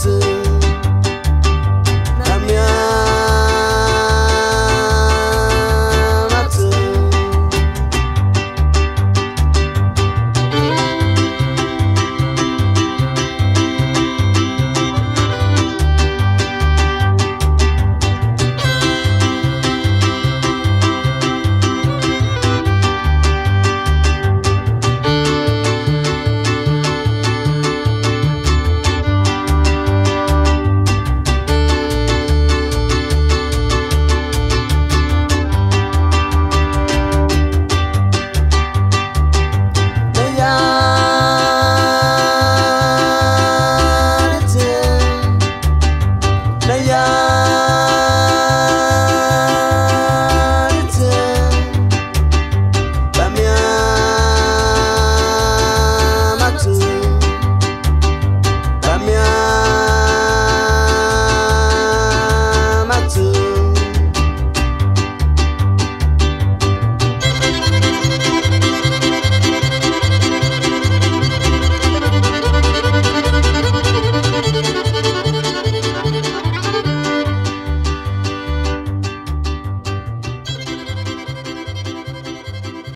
子。